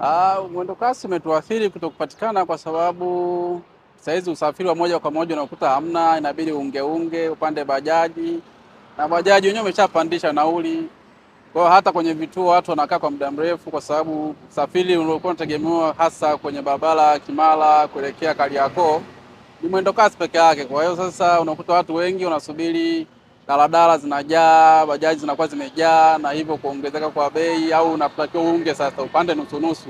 Uh, ah, mwendokasi umetuathiri kutokupatikana kwa sababu saizi usafiri wa moja kwa moja unakuta hamna, inabidi ungeunge upande bajaji na bajaji wenyewe umeshapandisha nauli. Kwa hiyo hata kwenye vituo watu wanakaa kwa muda mrefu, kwa sababu usafiri uliokuwa unategemewa hasa kwenye barabara Kimara kuelekea Kariakoo ni mwendokasi peke yake. Kwa hiyo sasa unakuta watu wengi wanasubiri daladala zinajaa, bajaji zinakuwa zimejaa, na hivyo kuongezeka kwa bei, au unatakiwa uunge sasa upande nusu nusu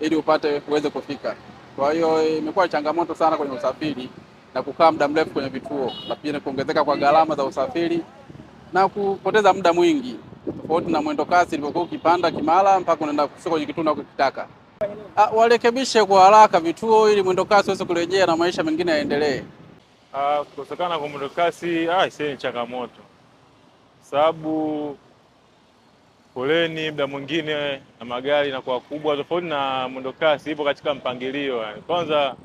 ili upate uweze kufika. Kwa hiyo imekuwa changamoto sana kwenye usafiri na kukaa muda mrefu kwenye vituo, pia kuongezeka kwa gharama za usafiri na kupoteza muda mwingi, tofauti na mwendo kasi ilivyokuwa ukipanda Kimara mpaka unaenda kufika kwenye kituo unachokitaka. Ah, warekebishe kwa haraka vituo ili mwendo kasi uweze kurejea na maisha mengine yaendelee. Ah, kukosekana kwa mwendo kasi ah, ni changamoto, sababu foleni muda mwingine na magari inakuwa kubwa, tofauti na mwendo kasi ipo katika mpangilio yani. Kwanza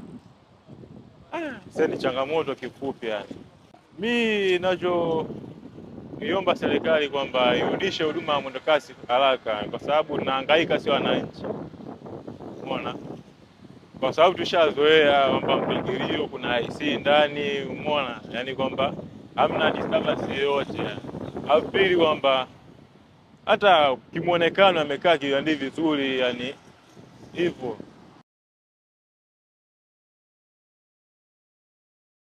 ah, isee ni changamoto kifupi yani. Mi niomba serikali kwamba irudishe huduma ya mwendo kasi haraka, kwa sababu naangaika sio wananchi, umeona kwa sababu tushazoea kwamba mpingilio kuna IC ndani, umeona, yani kwamba hamna disturbance yoyote. Apili kwamba hata kimwonekano amekaa kiwandi vizuri, yani hivyo